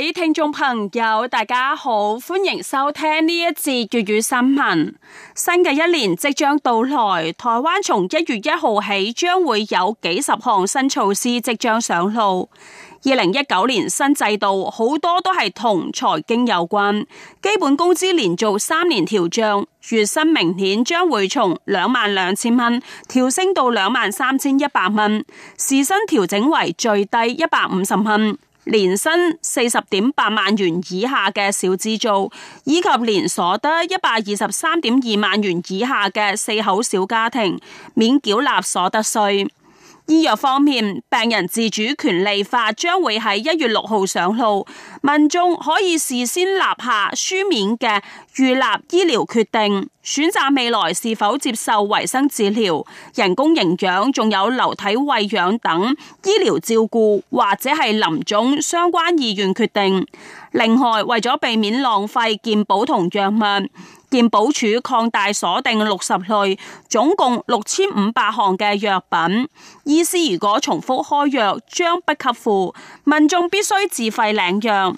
各位聽眾朋友，大家好，歡迎收聽呢一節粵語新聞。新嘅一年即將到來，台灣從一月一號起將會有幾十項新措施即將上路。二零一九年新制度好多都係同財經有關，基本工資連續續三年調漲，月薪明顯將會從兩萬兩千蚊調升到兩萬三千一百蚊，時薪調整為最低一百五十蚊。年薪四十點八萬元以下嘅小資助，以及年所得一百二十三點二萬元以下嘅四口小家庭，免繳納所得稅。醫藥方面，病人自主權利法將會喺一月六號上路，民眾可以事先立下書面嘅預立醫療決定，選擇未來是否接受維生治療、人工營養、仲有流體喂養等醫療照顧，或者係臨終相關意願決定。另外，為咗避免浪費健保同藥物。健保署擴大鎖定六十類，總共六千五百項嘅藥品。醫師如果重複開藥，將不給付，民眾必須自費領藥。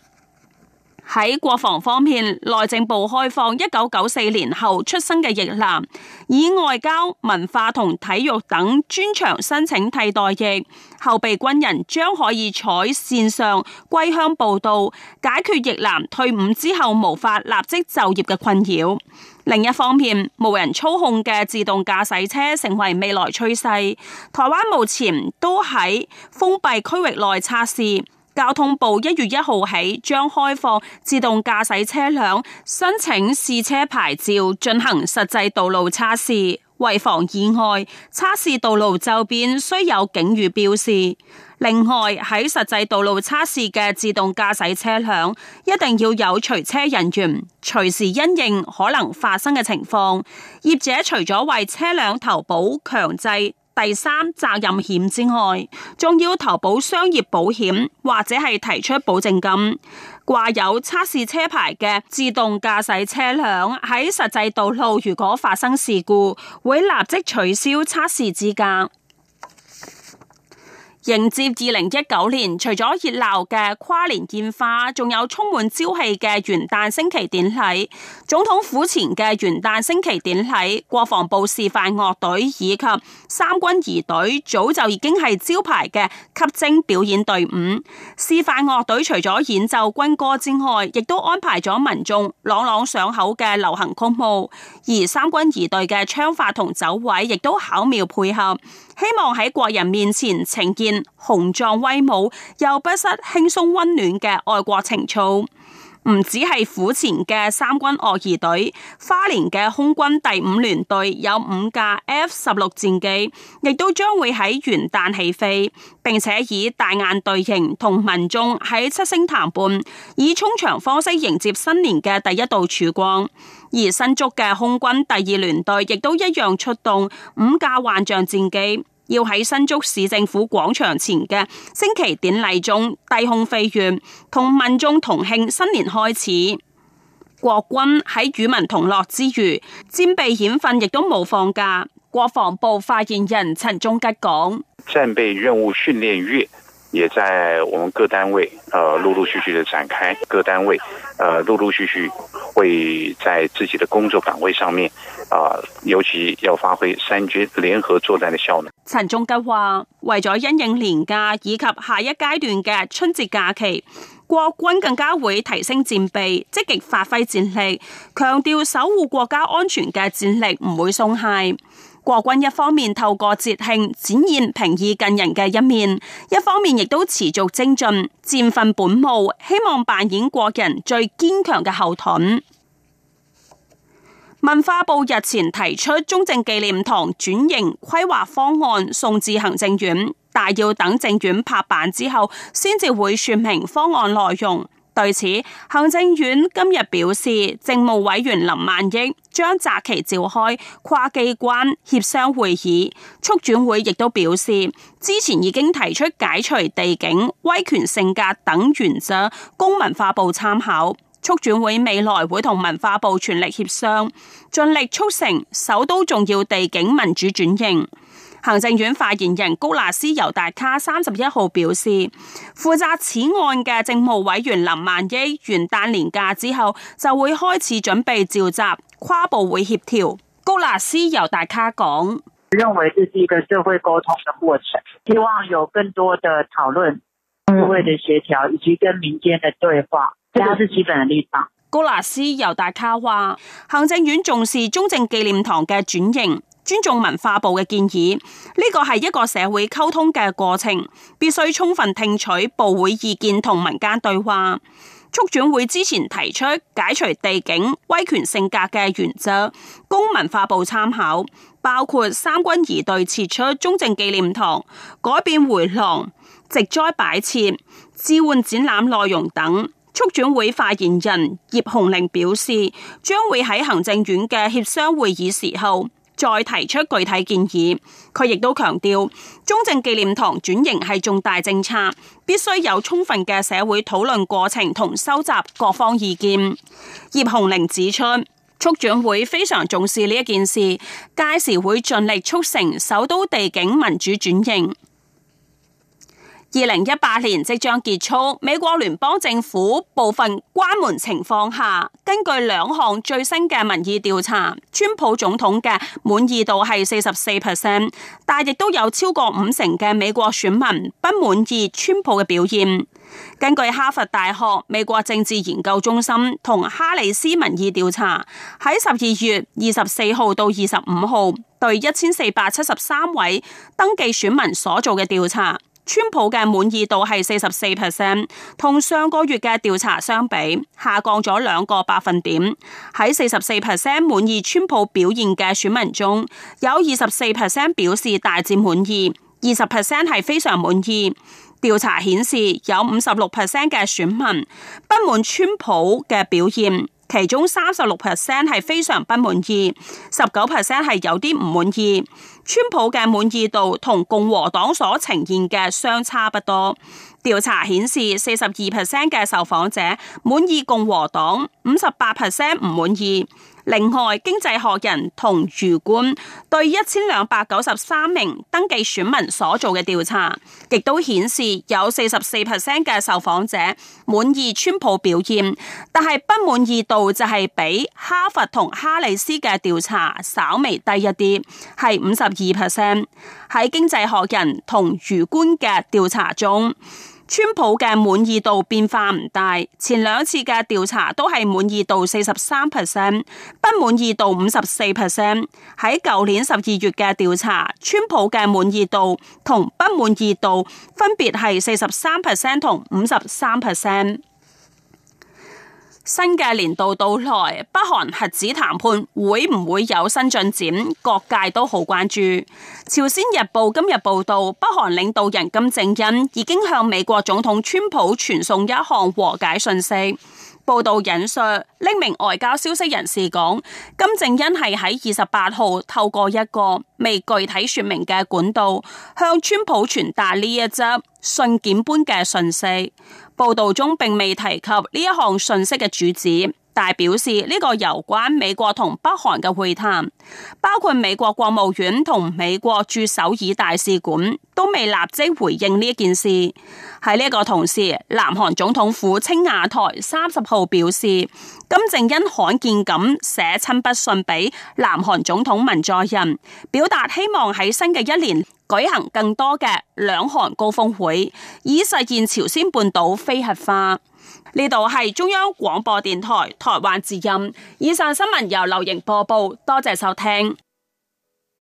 喺國防方面，內政部開放一九九四年後出生嘅役男，以外交、文化同體育等專長申請替代役。後備軍人將可以採線上歸鄉報到，解決役男退伍之後無法立即就業嘅困擾。另一方面，無人操控嘅自動駕駛車成為未來趨勢。台灣目前都喺封閉區域內測試。交通部一月一號起將開放自動駕駛車輛申請試車牌照進行實際道路測試，為防意外，測試道路周邊需有警語標示。另外喺實際道路測試嘅自動駕駛車輛，一定要有隨車人員隨時因應可能發生嘅情況。業者除咗為車輛投保強制。第三責任險之外，仲要投保商業保險或者係提出保證金。掛有測試車牌嘅自動駕駛車輛喺實際道路如果發生事故，會立即取消測試資格。迎接二零一九年，除咗熱鬧嘅跨年煙花，仲有充滿朝氣嘅元旦升旗典禮。總統府前嘅元旦升旗典禮，國防部示範樂隊以及三軍儀隊早就已經係招牌嘅吸睛表演隊伍。示範樂隊除咗演奏軍歌之外，亦都安排咗民眾朗朗上口嘅流行曲目。而三軍儀隊嘅槍法同走位亦都巧妙配合。希望在國人面前呈現雄壯威武，又不失輕鬆温暖的愛國情操。唔止係府前嘅三軍樂儀隊，花蓮嘅空軍第五聯隊有五架 F 十六戰機，亦都將會喺元旦起飛，並且以大雁隊形同民眾喺七星潭畔，以衝場方式迎接新年嘅第一道曙光。而新竹嘅空軍第二聯隊亦都一樣出動五架幻象戰機。要喺新竹市政府廣場前嘅升旗典禮中低空飛越，同民眾同慶新年開始。國軍喺與民同樂之餘，戰備險訓亦都冇放假。國防部發言人陳中吉講：戰備任務訓練月。也在我們各單位，呃，陸陸續續的展開，各單位，呃，陸陸續續會在自己的工作崗位上面，啊、呃，尤其要發揮三軍聯合作戰的效能。陳中吉話：為咗因應年假以及下一階段嘅春節假期，國軍更加會提升戰備，積極發揮戰力，強調守護國家安全嘅戰力唔會鬆懈。國軍一方面透過節慶展現平易近人嘅一面，一方面亦都持續精進戰訓本務，希望扮演國人最堅強嘅後盾。文化部日前提出中正紀念堂轉型規劃方案，送至行政院，但要等政院拍板之後，先至會說明方案內容。對此，行政院今日表示，政務委員林萬億將擇期召開跨機關協商會議。促轉會亦都表示，之前已經提出解除地景威權性格等原則，供文化部參考。促轉會未來會同文化部全力協商，盡力促成首都重要地景民主轉型。行政院發言人高拿斯尤大卡三十一號表示，負責此案嘅政務委員林萬益元旦年假之後就會開始準備召集跨部會協調。高拿斯尤大卡講：認為這是一個社會溝通嘅過程，希望有更多的討論、部會嘅協調以及跟民間嘅對話，呢個係基本嘅立場。高拿、嗯、斯尤大卡話：行政院重視中正紀念堂嘅轉型。尊重文化部嘅建議，呢個係一個社會溝通嘅過程，必須充分聽取部會意見同民間對話。促轉會之前提出解除地景威權性格嘅原則，供文化部參考，包括三軍儀隊撤出中正紀念堂、改變迴廊、植栽擺設、置換展覽內容等。促轉會發言人葉紅玲表示，將會喺行政院嘅協商會議時候，再提出具體建議，佢亦都強調，中正紀念堂轉型係重大政策，必須有充分嘅社會討論過程同收集各方意見。葉虹靈指出，促轉會非常重視呢一件事，屆時會盡力促成首都地景民主轉型。二零一八年即將結束，美國聯邦政府部分關門情況下，根據兩項最新嘅民意調查，川普總統嘅滿意度係四十四 percent，但亦都有超過五成嘅美國選民不滿意川普嘅表現。根據哈佛大學美國政治研究中心同哈里斯民意調查，喺十二月二十四號到二十五號，對一千四百七十三位登記選民所做嘅調查。川普嘅滿意度係四十四 percent，同上個月嘅調查相比下降咗兩個百分點。喺四十四 percent 滿意川普表現嘅選民中，有二十四 percent 表示大致滿意，二十 percent 係非常滿意。調查顯示有五十六 percent 嘅選民不滿川普嘅表現。其中三十六 percent 係非常不滿意，十九 percent 係有啲唔滿意。川普嘅滿意度同共和黨所呈現嘅相差不多。調查顯示，四十二 percent 嘅受訪者滿意共和黨，五十八 percent 唔滿意。另外，經濟學人同儒官對一千兩百九十三名登記選民所做嘅調查，亦都顯示有四十四 percent 嘅受訪者滿意川普表現，但係不滿意度就係比哈佛同哈里斯嘅調查稍微低一啲，係五十二 percent 喺經濟學人同儒官嘅調查中。川普嘅滿意度變化唔大，前兩次嘅調查都係滿意度四十三 percent，不滿意度五十四 percent。喺舊年十二月嘅調查，川普嘅滿意度同不滿意度分別係四十三 percent 同五十三 percent。新嘅年度到來，北韓核子談判會唔會有新進展？各界都好關注。朝鮮日報今日報道，北韓領導人金正恩已經向美國總統川普傳送一項和解訊息。報道引述匿名外交消息人士講，金正恩係喺二十八號透過一個未具體說明嘅管道向川普傳達呢一則信件般嘅訊息。報道中並未提及呢一項信息嘅主旨。大表示呢個攸關美國同北韓嘅會談，包括美國國務院同美國駐首爾大使館都未立即回應呢一件事。喺呢個同時，南韓總統府青瓦台三十號表示，金正恩罕見咁寫親筆信俾南韓總統文在寅，表達希望喺新嘅一年舉行更多嘅兩韓高峰會，以實現朝鮮半島非核化。呢度係中央廣播電台台灣之音。以上新聞由劉瑩播報，多謝收聽。